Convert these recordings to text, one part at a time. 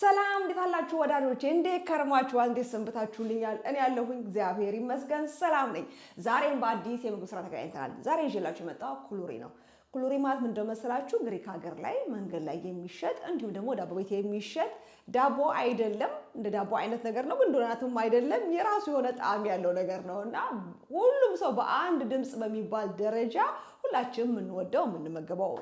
ሰላም እንዴት አላችሁ ወዳጆቼ? እንዴት ከርማችኋል? እንዴት ሰንብታችሁልኛል? እኔ ያለሁኝ እግዚአብሔር ይመስገን ሰላም ነኝ። ዛሬም በአዲስ የምግብ ስራ ተገናኝተናል። ዛሬ ይዤላችሁ የመጣው ኩሉሪ ነው። ኩሉሪ ማለት ምን እንደመሰላችሁ ግሪክ ሀገር ላይ መንገድ ላይ የሚሸጥ እንዲሁም ደግሞ ዳቦ ቤት የሚሸጥ ዳቦ አይደለም፣ እንደ ዳቦ አይነት ነገር ነው፣ ግን ዶናትም አይደለም። የራሱ የሆነ ጣዕም ያለው ነገር ነው እና ሁሉም ሰው በአንድ ድምፅ በሚባል ደረጃ ሁላችንም የምንወደው የምንመገበው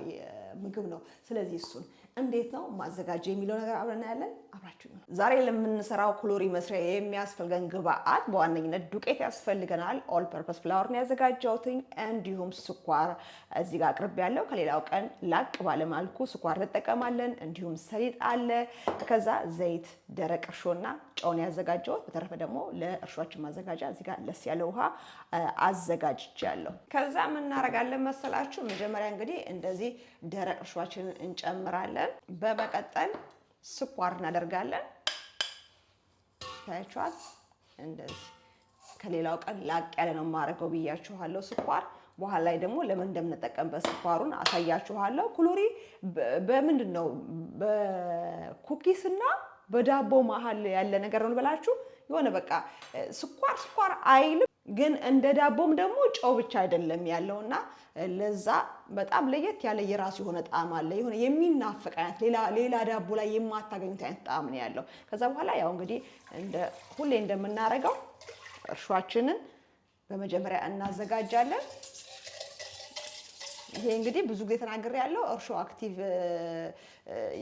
ምግብ ነው። ስለዚህ እሱን እንዴት ነው ማዘጋጀ የሚለው ነገር አብረና ያለን አብራችሁ ዛሬ ለምንሰራው ኩሎሪ መስሪያ የሚያስፈልገን ግብአት በዋነኝነት ዱቄት ያስፈልገናል። ኦል ፐርፐስ ፍላወርን ያዘጋጀውትኝ እንዲሁም ስኳር እዚህ ጋር አቅርብ ያለው ከሌላው ቀን ላቅ ባለማልኩ ስኳር እንጠቀማለን። እንዲሁም ሰሊጥ አለ። ከዛ ዘይት፣ ደረቅ እርሾና ጨውን ያዘጋጀውት በተረፈ ደግሞ ለእርሾችን ማዘጋጃ እዚህ ጋር ለስ ያለ ውሃ አዘጋጅቻለሁ። ከዛ የምናረጋለን መሰላችሁ መጀመሪያ እንግዲህ እንደዚህ ደረቅ እርሾችን እንጨምራለን። በመቀጠል ስኳር እናደርጋለን። ታያችኋል። እንደዚህ ከሌላው ቀን ላቅ ያለ ነው የማደርገው ብያችኋለሁ። ስኳር በኋላ ላይ ደግሞ ለምን እንደምንጠቀምበት ስኳሩን አሳያችኋለሁ። ኩሎሪ በምንድን ነው በኩኪስ እና በዳቦ መሀል ያለ ነገር ነው ብላችሁ የሆነ በቃ ስኳር ስኳር አይልም። ግን እንደ ዳቦም ደግሞ ጨው ብቻ አይደለም ያለው እና ለዛ በጣም ለየት ያለ የራሱ የሆነ ጣዕም አለ። የሆነ የሚናፍቅ አይነት ሌላ ዳቦ ላይ የማታገኙት አይነት ጣዕም ነው ያለው። ከዛ በኋላ ያው እንግዲህ ሁሌ እንደምናረገው እርሾችንን በመጀመሪያ እናዘጋጃለን። ይሄ እንግዲህ ብዙ ጊዜ ተናግሬ ያለው እርሾ አክቲቭ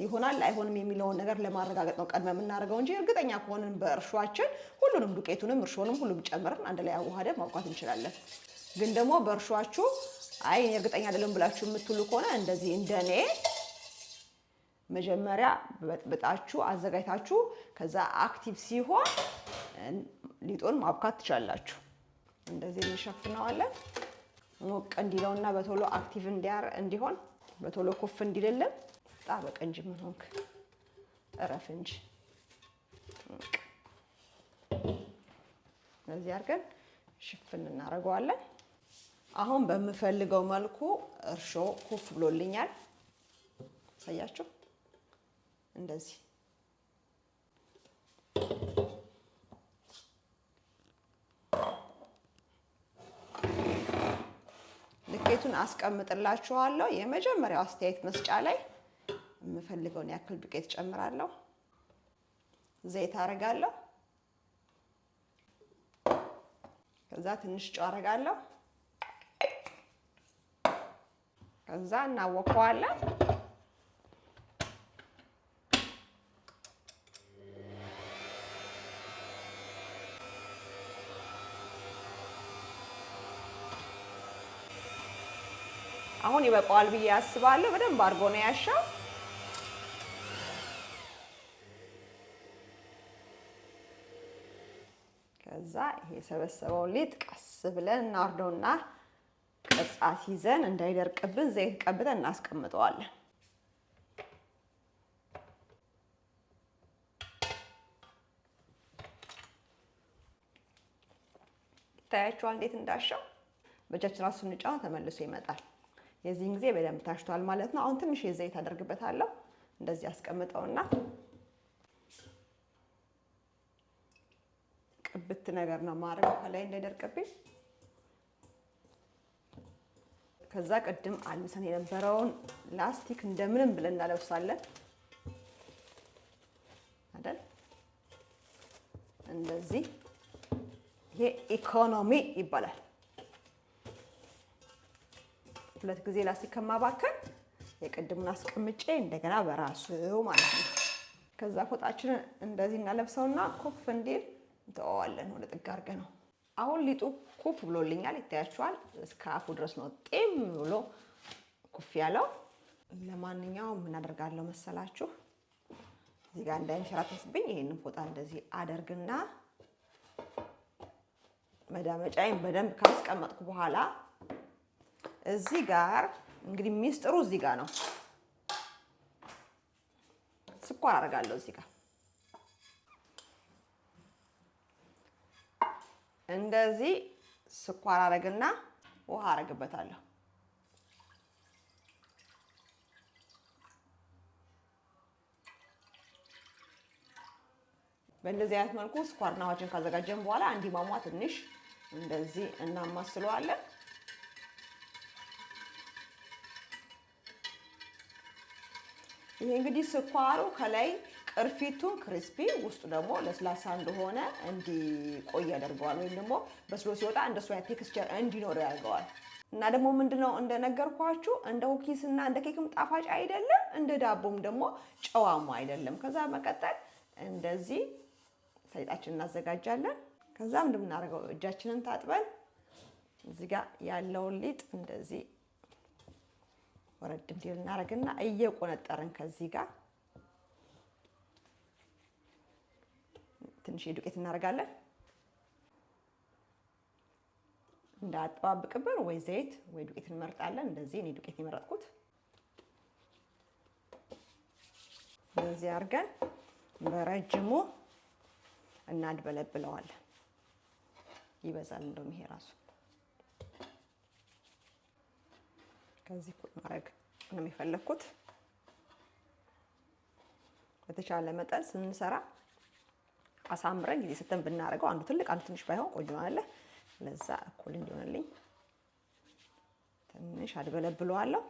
ይሆናል አይሆንም የሚለውን ነገር ለማረጋገጥ ነው ቀድመ የምናደርገው እንጂ እርግጠኛ ከሆንን በእርሾችን ሁሉንም ዱቄቱንም እርሾንም ሁሉም ጨምርን አንድ ላይ አዋሃደ ማውቃት እንችላለን። ግን ደግሞ በእርሾችሁ አይ እርግጠኛ አይደለም ብላችሁ የምትሉ ከሆነ እንደዚህ እንደ እኔ መጀመሪያ በጥብጣችሁ አዘጋጅታችሁ ከዛ አክቲቭ ሲሆን ሊጡን ማብካት ትችላላችሁ። እንደዚህ እንሸፍነዋለን። ሞቅ እንዲለውና በቶሎ አክቲቭ እንዲሆን በቶሎ ኩፍ እንዲልልን ጣበቅ እንጂ ምን ሆንክ እረፍ እንጂ። እዚህ አድርገን ሽፍን እናደርገዋለን። አሁን በምፈልገው መልኩ እርሾ ኩፍ ብሎልኛል። ሳያችሁ እንደዚህ ቁጥሮችን አስቀምጥላችኋለሁ። የመጀመሪያው አስተያየት መስጫ ላይ የምፈልገውን ያክል ዱቄት ጨምራለሁ። ዘይት አረጋለሁ። ከዛ ትንሽ ጨው አረጋለሁ። ከዛ እናወቀዋለን። አሁን ይበቃዋል ብዬ አስባለሁ። በደንብ አድርጎ ነው ያሻው። ከዛ ይሄ የሰበሰበውን ሊጥ ቀስ ብለን እናወርደውና ቅርጽ አስይዘን እንዳይደርቅብን ዘይት ቀብተን እናስቀምጠዋለን። ታያችኋል እንዴት እንዳሻው በእጃችን ራሱ ስንጫን ተመልሶ ይመጣል። የዚህን ጊዜ በደንብ ታሽቷል ማለት ነው። አሁን ትንሽ የዘይት አደርግበታለሁ። እንደዚህ አስቀምጠውና ቅብት ነገር ነው ማድረግ ከላይ እንዳይደርቅብኝ። ከዛ ቅድም አልብሰን የነበረውን ላስቲክ እንደምንም ብለን እናለብሳለን አይደል? እንደዚህ ይሄ ኢኮኖሚ ይባላል። ሁለት ጊዜ ላስቲክ ከማባከን የቅድሙን አስቀምጬ እንደገና በራሱ ማለት ነው። ከዛ ፎጣችንን እንደዚህ እናለብሰውና ኩፍ እንዲል እንተዋዋለን። ወደ ጥግ አድርገ ነው። አሁን ሊጡ ኩፍ ብሎልኛል፣ ይታያችኋል። እስከ አፉ ድረስ ነው ጤም ብሎ ኩፍ ያለው። ለማንኛውም እናደርጋለሁ መሰላችሁ እዚህ ጋር እንዳይንሸራተትብኝ ይሄንን ፎጣ እንደዚህ አደርግና መዳመጫዬን በደንብ ካስቀመጥኩ በኋላ እዚህ ጋር እንግዲህ ሚስጥሩ እዚህ ጋር ነው። ስኳር አደርጋለሁ እዚህ ጋር እንደዚህ ስኳር አደርግና ውሃ አደርግበታለሁ። በእንደዚህ አይነት መልኩ ስኳርና ውሃችን ካዘጋጀን በኋላ አንዲማሟ ትንሽ እንደዚህ እናማስለዋለን። ይሄ እንግዲህ ስኳሩ ከላይ ቅርፊቱን ክሪስፒ ውስጡ ደግሞ ለስላሳ እንደሆነ እንዲቆይ ያደርገዋል። ወይም ደግሞ በስሎ ሲወጣ እንደሱ አይነት ቴክስቸር እንዲኖር ያደርገዋል። እና ደግሞ ምንድነው እንደነገርኳችሁ እንደ ኩኪስ እና እንደ ኬክም ጣፋጭ አይደለም፣ እንደ ዳቦም ደግሞ ጨዋሙ አይደለም። ከዛ መቀጠል እንደዚህ ሰሊጣችን እናዘጋጃለን። ከዛም ምንድን እጃችንን ታጥበን እዚህ ጋር ያለውን ሊጥ እንደዚህ ወረድ እንዲል እናደርግና እየቆነጠርን ከዚህ ጋር ትንሽ ዱቄት እናደርጋለን። እንዳያጠባብቅብን ወይ ዘይት ወይ ዱቄት እንመርጣለን። እንደዚህ እኔ ዱቄት የመረጥኩት እንደዚህ አድርገን በረጅሙ እናድበለብለዋለን። ይበዛል እንደውም ይሄ ራሱ ከዚህ እኩል ማድረግ ነው የፈለግኩት። በተቻለ መጠን ስንሰራ አሳምረን ጊዜ ሰተን ብናደርገው አንዱ ትልቅ አንዱ ትንሽ ባይሆን ቆንጆ አለ። ለዛ እኩል እንዲሆንልኝ ትንሽ አድበለብለዋለሁ።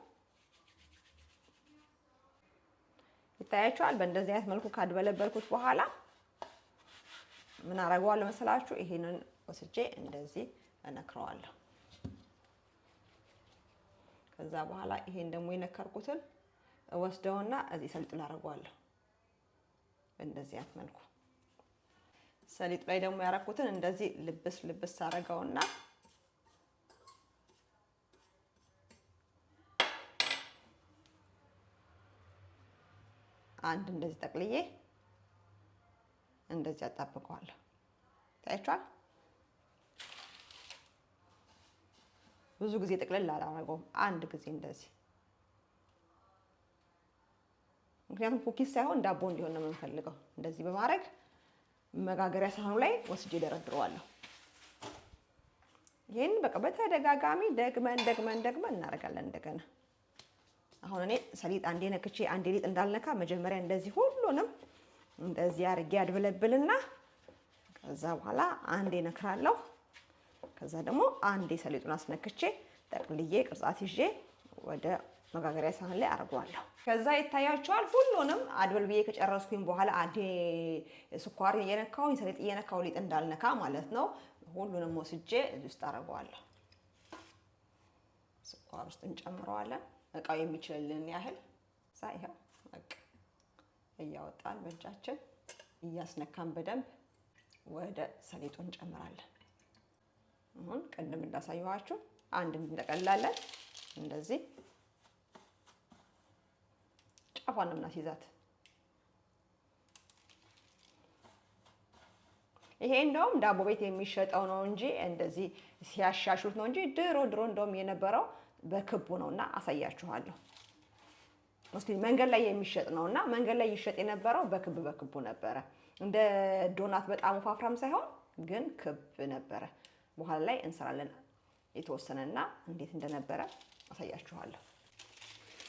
ይታያቸዋል። በእንደዚህ አይነት መልኩ ካድበለበልኩት በኋላ ምን አደርገዋለሁ መሰላችሁ? ይሄንን ወስጄ እንደዚህ እነክረዋለሁ። ከዛ በኋላ ይሄን ደግሞ የነከርኩትን ወስደውና እዚህ ሰሊጥ ላደርገዋለሁ። በእንደዚህ አይነት መልኩ ሰሊጡ ላይ ደግሞ ያረኩትን እንደዚህ ልብስ ልብስ አረገውና አንድ እንደዚህ ጠቅልዬ እንደዚህ አጣብቀዋለሁ። ታይቷል። ብዙ ጊዜ ጥቅልል አላረገውም። አንድ ጊዜ እንደዚህ ምክንያቱም ኩኪስ ሳይሆን ዳቦ እንዲሆን ነው የምንፈልገው። እንደዚህ በማድረግ መጋገሪያ ሳህኑ ላይ ወስጄ ደረድረዋለሁ። ይህን በቃ በተደጋጋሚ ደግመን ደግመን ደግመን እናደርጋለን። እንደገና አሁን እኔ ሰሊጥ አንዴ ነክቼ አንዴ ሊጥ እንዳልነካ መጀመሪያ እንደዚህ ሁሉንም እንደዚህ አድርጌ አድብለብልና ከዛ በኋላ አንዴ ነክራለሁ። ከዛ ደግሞ አንድ የሰሊጡን አስነክቼ ጠቅልዬ ቅርጻት ይዤ ወደ መጋገሪያ ሳህን ላይ አርገዋለሁ። ከዛ ይታያቸዋል። ሁሉንም አድበል ብዬ ከጨረስኩኝ በኋላ አዴ ስኳር እየነካሁኝ ሰሊጥ እየነካሁ ሊጥ እንዳልነካ ማለት ነው። ሁሉንም ወስጄ እዚህ ውስጥ አርገዋለሁ። ስኳር ውስጥ እንጨምረዋለን። እቃው የሚችልልን ያህል ዛ ይኸው እያወጣን በእጃችን እያስነካን በደንብ ወደ ሰሊጡ እንጨምራለን። አሁን ቅድም እንዳሳየኋችሁ አንድ እንጠቀላለን። እንደዚህ ጫፏን ነው የምናስይዛት። ይሄ እንደውም ዳቦ ቤት የሚሸጠው ነው እንጂ እንደዚህ ሲያሻሹት ነው እንጂ ድሮ ድሮ እንደውም የነበረው በክቡ ነው እና አሳያችኋለሁ። እስቲ መንገድ ላይ የሚሸጥ ነው እና መንገድ ላይ ይሸጥ የነበረው በክብ በክቡ ነበረ። እንደ ዶናት በጣም ወፋፍራም ሳይሆን ግን ክብ ነበረ። በኋላ ላይ እንሰራለን። የተወሰነና እንዴት እንደነበረ አሳያችኋለሁ።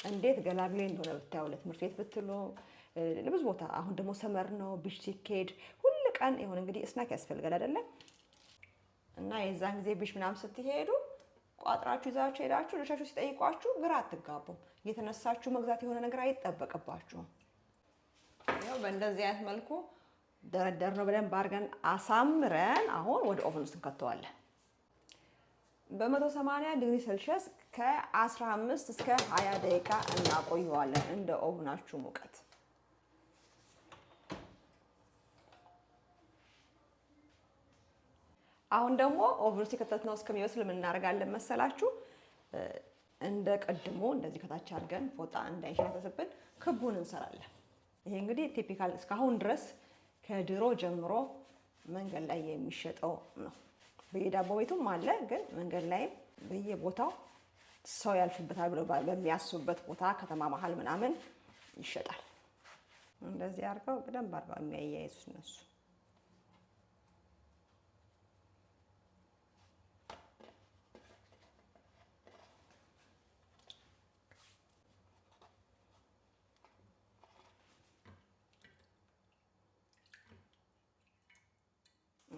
እንዴት ገላግሌ እንደሆነ ብታየው፣ ለትምህርት ቤት ብትሉ፣ ብዙ ቦታ። አሁን ደግሞ ሰመር ነው፣ ቢች ሲካሄድ ሁል ቀን የሆነ እንግዲህ እስናክ ያስፈልጋል አይደለም እና የዛን ጊዜ ቢሽ ምናምን ስትሄዱ ቋጥራችሁ ይዛችሁ ሄዳችሁ ልጆቻችሁ ሲጠይቋችሁ ግራ አትጋቡም። እየተነሳችሁ መግዛት የሆነ ነገር አይጠበቅባችሁም። ይኸው በእንደዚህ አይነት መልኩ ደረደር ነው በደንብ አድርገን አሳምረን አሁን ወደ ኦቨን ውስጥ እንከተዋለን። በ180 ዲግሪ ሴልሺየስ ከ15 እስከ 20 ደቂቃ እናቆየዋለን እንደ ኦቭናችሁ ሙቀት። አሁን ደግሞ ኦቭን ውስጥ የከተትነው እስከሚበስል ምን እናደርጋለን መሰላችሁ? እንደ ቀድሞ እንደዚህ ከታች አድርገን ፎጣ እንዳይሸተትብን ክቡን እንሰራለን። ይሄ እንግዲህ ቲፒካል እስካሁን ድረስ ከድሮ ጀምሮ መንገድ ላይ የሚሸጠው ነው። በየዳቦ ቤቱም አለ፣ ግን መንገድ ላይም በየቦታው ሰው ያልፍበታል ብሎ በሚያስቡበት ቦታ ከተማ መሀል ምናምን ይሸጣል። እንደዚህ አድርገው በደንብ አድርገው የሚያያይዙ እነሱ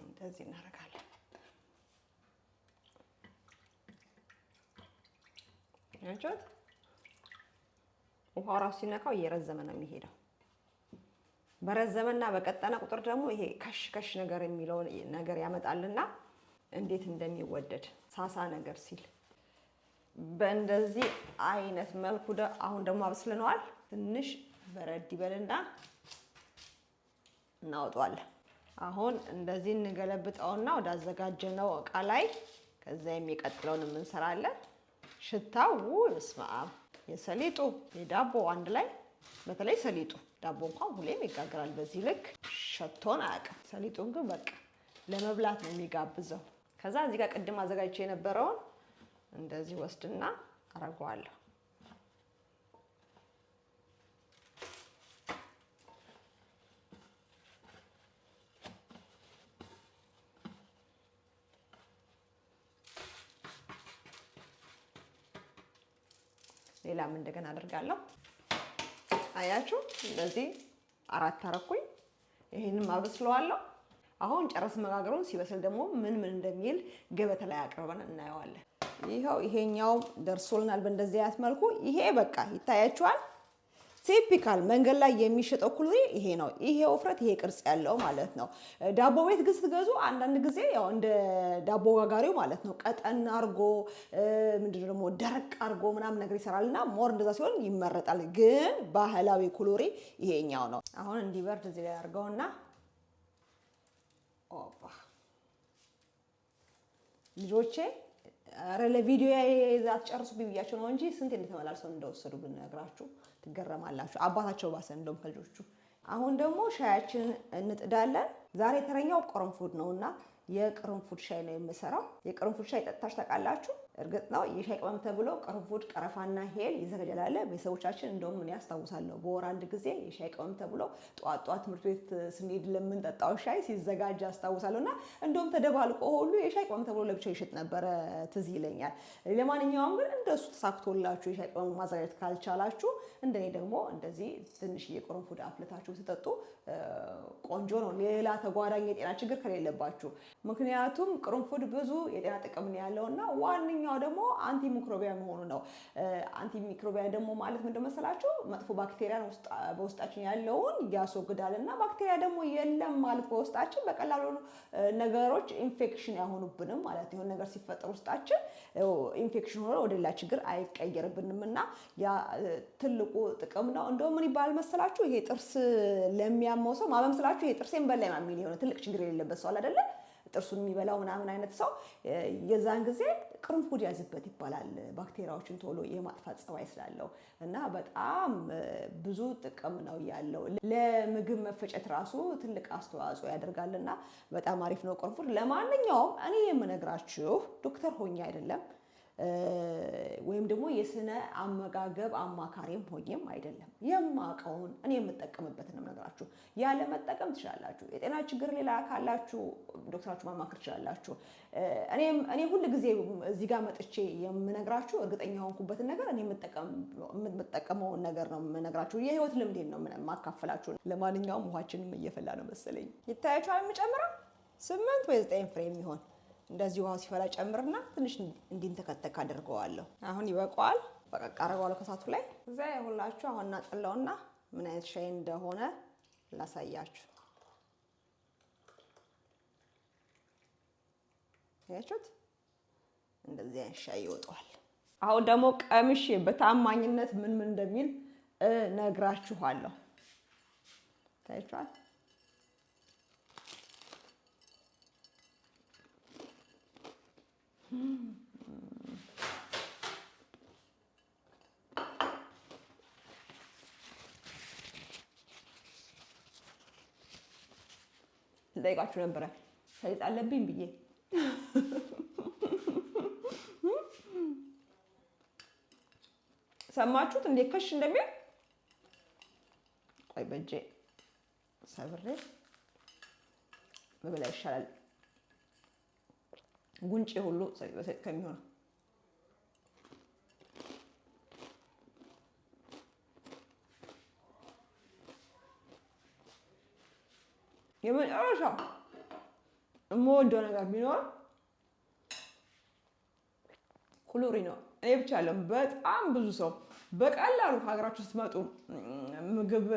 እንደዚህ እናደርጋለን። ያቻት ውሃ ራሱ ሲነካው እየረዘመ ነው የሚሄደው። በረዘመና በቀጠነ ቁጥር ደግሞ ይሄ ከሽ ከሽ ነገር የሚለው ነገር ያመጣልና እንዴት እንደሚወደድ ሳሳ ነገር ሲል በእንደዚህ አይነት መልኩ አሁን ደግሞ አብስልነዋል። ትንሽ በረድ ይበልና እናወጣዋለን። አሁን እንደዚህ እንገለብጠውና ወዳዘጋጀነው እቃ ላይ ከዛ የሚቀጥለውን እንሰራለን። ሽታው በስመ የሰሊጡ የዳቦ አንድ ላይ በተለይ ሰሊጡ ዳቦ እንኳን ሁሌም ይጋግራል። በዚህ ልክ ሸቶን አያውቅም። ሰሊጡን ግን በቃ ለመብላት ነው የሚጋብዘው። ከዛ እዚህ ጋር ቅድም አዘጋጅቼ የነበረውን እንደዚህ ወስድና አረገዋለሁ። ዳም እንደገና አደርጋለሁ። አያችሁ እንደዚህ አራት አረኩኝ። ይሄንም አበስለዋለሁ። አሁን ጨረስ መጋገሩን ሲበስል ደግሞ ምን ምን እንደሚል ገበታ ላይ አቅርበን እናየዋለን። ይኸው ይሄኛው ደርሶልናል በእንደዚህ አይነት መልኩ ይሄ በቃ ይታያችኋል። ቲፒካል መንገድ ላይ የሚሸጠው ኩል ይሄ ነው። ይሄ ውፍረት፣ ይሄ ቅርጽ ያለው ማለት ነው። ዳቦ ቤት ግን ስትገዙ አንዳንድ ጊዜ ያው እንደ ዳቦ ጋጋሪው ማለት ነው ቀጠን አርጎ ምንድን ደግሞ ደረቅ አርጎ ምናምን ነገር ይሰራል እና ሞር እንደዛ ሲሆን ይመረጣል። ግን ባህላዊ ኩሎሪ ይሄኛው ነው። አሁን እንዲበርድ እዚህ ላይ አርገውና ልጆቼ ኧረ ለቪዲዮ አትጨርሱ ብያቸው ነው እንጂ ስንት እንደተመላልሰው እንደወሰዱ ብነግራችሁ ትገረማላችሁ። አባታቸው ባሰ እንደውም ከልጆቹ። አሁን ደግሞ ሻያችን እንጥዳለን። ዛሬ ተረኛው ቅርንፉድ ነው እና የቅርንፉድ ሻይ ነው የምሰራው። የቅርንፉድ ሻይ ጠጥታችሁ ታውቃላችሁ? እርግጥ ነው ይህ ቅመም ተብሎ ቅርንፉድ፣ ቀረፋና ሄል ይዘገጀላለ። ቤተሰቦቻችን። እንደውም እኔ ያስታውሳለሁ በወር አንድ ጊዜ የሻይ ቅመም ተብሎ ጠዋት ጠዋት ትምህርት ቤት ስንሄድ ለምንጠጣው ሻይ ሲዘጋጅ አስታውሳለሁ። እና እንደውም ተደባልቆ ሁሉ የሻይ ቅመም ተብሎ ለብቻው ይሸጥ ነበረ፣ ትዝ ይለኛል። ለማንኛውም ግን እንደሱ ተሳክቶላችሁ የሻይ ቅመም ማዘጋጀት ካልቻላችሁ እንደኔ ደግሞ እንደዚህ ትንሽ የቅርንፉድ አፍልታችሁ ስጠጡ ቆንጆ ነው፣ ሌላ ተጓዳኝ የጤና ችግር ከሌለባችሁ። ምክንያቱም ቅርንፉድ ብዙ የጤና ጥቅም ያለውና ዋነኛ ሁለተኛው ደግሞ አንቲ ሚክሮቢያ መሆኑ ነው። አንቲ ሚክሮቢያ ደግሞ ማለት ምንድን መሰላችሁ? መጥፎ ባክቴሪያ በውስጣችን ያለውን ያስወግዳል እና ባክቴሪያ ደግሞ የለም ማለት በውስጣችን በቀላሉ ነገሮች ኢንፌክሽን አይሆኑብንም ማለት የሆነ ነገር ሲፈጠር ውስጣችን ኢንፌክሽን ሆኖ ወደ ሌላ ችግር አይቀየርብንም እና ያ ትልቁ ጥቅም ነው። እንደው ምን ይባል መሰላችሁ? ይሄ ጥርስ ለሚያመው ሰው ማመም ስላችሁ ይሄ ጥርሴን በላይ ማሚል የሆነ ትልቅ ችግር የሌለበት ሰው አይደለ ጥርሱን የሚበላው ምናምን አይነት ሰው የዛን ጊዜ ቅርንፉድ ያዝበት ይባላል። ባክቴሪያዎችን ቶሎ የማጥፋት ጸባይ ስላለው እና በጣም ብዙ ጥቅም ነው ያለው። ለምግብ መፈጨት ራሱ ትልቅ አስተዋጽኦ ያደርጋልና በጣም አሪፍ ነው ቅርንፉድ። ለማንኛውም እኔ የምነግራችሁ ዶክተር ሆኜ አይደለም ወይም ደግሞ የስነ አመጋገብ አማካሪም ሆኜም አይደለም። የማውቀውን እኔ የምጠቀምበትን ነገራችሁ ያለ መጠቀም ትችላላችሁ። የጤና ችግር ሌላ ካላችሁ ዶክተራችሁ ማማከር ትችላላችሁ። እኔ ሁል ጊዜ እዚህ ጋር መጥቼ የምነግራችሁ እርግጠኛ የሆንኩበትን ነገር እኔ የምጠቀመውን ነገር ነው የምነግራችሁ። የህይወት ልምዴን ነው የማካፈላችሁ። ለማንኛውም ውሃችንም እየፈላ ነው መሰለኝ። ይታያችኋል። የምጨምረው ስምንት ወይ ዘጠኝ ፍሬ የሚሆን እንደዚህ ውሃው ሲፈላ ጨምርና ትንሽ እንዲንተከተክ አድርገዋለሁ። አሁን ይበቀዋል። በቃ ከሳቱ ላይ እዛ የሁላችሁ አሁን እናጥለውና ምን አይነት ሻይ እንደሆነ ላሳያችሁ። ያችሁት እንደዚህ አይነት ሻይ ይወጣዋል። አሁን ደግሞ ቀምሼ በታማኝነት ምን ምን እንደሚል እነግራችኋለሁ። ታያችኋል። ልጠይቃችሁ ነበረ ሰሊጥ ብዬ ሰማችሁት? እንዴት ከሽ እንደሚል ቆይ በእጄ ሰብሬ መብላ ይሻላል። ጉንጭ ሁሉ ሰሊጥ በሰሊጥ ከሚሆነው የመጨረሻ የምወደው ነገር ቢኖር ኩሉሪ ነው። እኔ ብቻ አለም በጣም ብዙ ሰው በቀላሉ ሀገራችሁ ስትመጡ ምግብ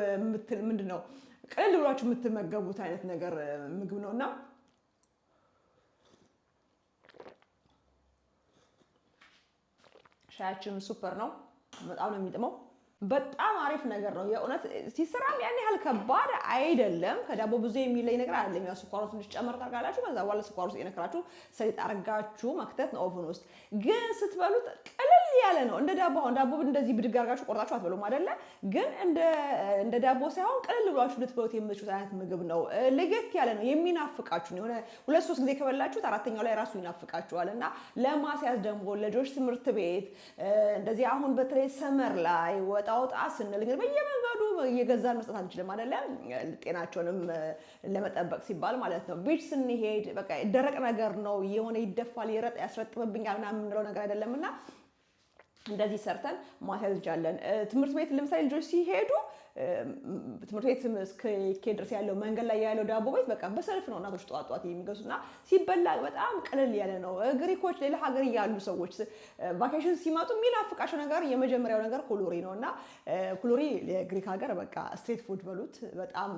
ምንድን ነው ቅልል ብሏችሁ የምትመገቡት አይነት ነገር ምግብ ነው እና ሻያችንም ሱፐር ነው። በጣም ነው የሚጥመው። በጣም አሪፍ ነገር ነው የእውነት ሲሰራም ያን ያህል ከባድ አይደለም። ከዳቦ ብዙ የሚለይ ነገር አይደለም። ያው ስኳሩ ትንሽ ጨመር ታርጋላችሁ። ከዛ በኋላ ስኳሩ የነክራችሁ ሰሊጥ አርጋችሁ መክተት ነው ኦቨን ውስጥ። ግን ስትበሉት ቅልል ያለ ነው እንደ ዳቦ። አሁን ዳቦ እንደዚህ ብድግ አርጋችሁ ቆርጣችሁ አትበሉም አይደለ? ግን እንደ ዳቦ ሳይሆን ቅልል ብሏችሁ ልትበሉት የምትችሉት አይነት ምግብ ነው። ለየት ያለ ነው። የሚናፍቃችሁ የሆነ ሁለት ሶስት ጊዜ ከበላችሁት አራተኛው ላይ ራሱ ይናፍቃችኋል። እና ለማስያዝ ደግሞ ልጆች ትምህርት ቤት እንደዚህ አሁን በተለይ ሰመር ላይ ወጣ ወጣወጣ ስንል እንግዲህ በየመንገዱ እየገዛን መስጠት አንችልም አይደለም። ጤናቸውንም ለመጠበቅ ሲባል ማለት ነው። ቤት ስንሄድ በቃ ደረቅ ነገር ነው የሆነ ይደፋል፣ ይረጥ፣ ያስረጥብብኛል ምናምን የምንለው ነገር አይደለም እና እንደዚህ ሰርተን ማስያዝ እንችላለን። ትምህርት ቤት ለምሳሌ ልጆች ሲሄዱ ትምህርት ቤት እስከ ድረስ ያለው መንገድ ላይ ያለው ዳቦ ቤት በቃ በሰልፍ ነው እናቶች ጠዋት ጠዋት የሚገዙትና ሲበላ በጣም ቀለል ያለ ነው። ግሪኮች፣ ሌላ ሀገር ያሉ ሰዎች ቫኬሽን ሲመጡ የሚናፍቃቸው ነገር የመጀመሪያው ነገር ኩሎሪ ነው እና ኮሎሪ የግሪክ ሀገር በቃ ስትሪት ፉድ በሉት በጣም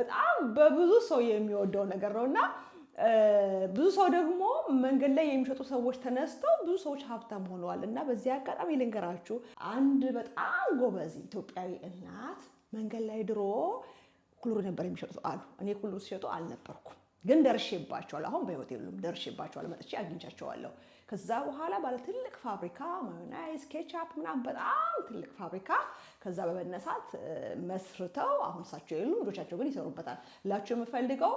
በጣም በብዙ ሰው የሚወደው ነገር ነው እና ብዙ ሰው ደግሞ መንገድ ላይ የሚሸጡ ሰዎች ተነስተው ብዙ ሰዎች ሀብታም ሆነዋል። እና በዚህ አጋጣሚ ልንገራችሁ አንድ በጣም ጎበዝ ኢትዮጵያዊ እናት መንገድ ላይ ድሮ ኩሉሩ ነበር የሚሸጡት አሉ። እኔ ኩሉሩ ሲሸጡ አልነበርኩም፣ ግን ደርሼባቸዋለሁ። አሁን በህይወት የሉም፣ ደርሼባቸዋለሁ። መጥቼ አግኝቻቸዋለሁ። ከዛ በኋላ ባለ ትልቅ ፋብሪካ ማዮናይዝ፣ ኬቻፕ ምናምን በጣም ትልቅ ፋብሪካ ከዛ በመነሳት መስርተው አሁን እሳቸው የሉ ልጆቻቸው ግን ይሰሩበታል። ላቸው የምፈልገው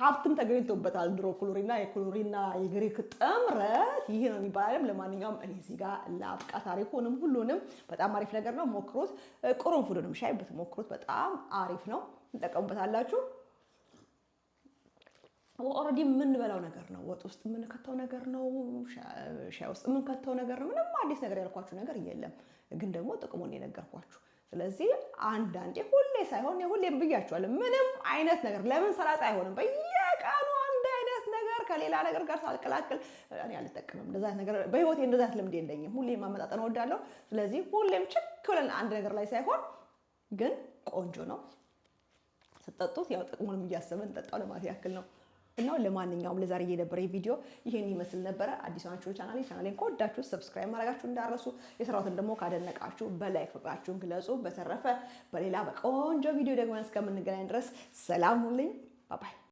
ሀብትም ተገኝቶበታል። ድሮ ኩሉሪና የኩሉሪና የግሪክ ጥምረት ይህ ነው የሚባል አይደለም። ለማንኛውም እኔ እዚህ ጋር ለአብቃ ታሪኩንም ሁሉንም በጣም አሪፍ ነገር ነው። ሞክሩት። ቁርንፉዱንም ሻይ ብትሞክሩት በጣም አሪፍ ነው። ትጠቀሙበታላችሁ። ኦልሬዲ የምንበላው ነገር ነው፣ ወጥ ውስጥ የምንከተው ነገር ነው፣ ሻይ ውስጥ የምንከተው ነገር ነው። ምንም አዲስ ነገር ያልኳችሁ ነገር የለም፣ ግን ደግሞ ጥቅሙን የነገርኳችሁ። ስለዚህ አንዳንዴ ሁሌ ሳይሆን ሁሌም ብያችኋለሁ፣ ምንም አይነት ነገር ለምን ሰላጣ አይሆንም? በየቀኑ አንድ አይነት ነገር ከሌላ ነገር ጋር ሳልቀላቅል እኔ አልጠቀምም። እንደዛ ነገር በህይወቴ እንደዛ ልምድ የለኝም። ሁሌ ማመጣጠን እወዳለሁ። ስለዚህ ሁሌም ችክ ብለን አንድ ነገር ላይ ሳይሆን ግን ቆንጆ ነው። ስጠጡት ያው ጥቅሙንም እያሰብን እንጠጣው ለማለት ያክል ነው። እና ለማንኛውም ለዛሬ የነበረ ቪዲዮ ይህን ይመስል ነበረ። አዲስ ናችሁ ቻናሌ ቻናሌን ከወዳችሁ ሰብስክራይብ ማድረጋችሁ እንዳረሱ፣ የሰራሁትን ደግሞ ካደነቃችሁ በላይክ ፍቅራችሁን ግለጹ። በተረፈ በሌላ በቆንጆ ቪዲዮ ደግሞ እስከምንገናኝ ድረስ ሰላም ሁኑልኝ። ባባይ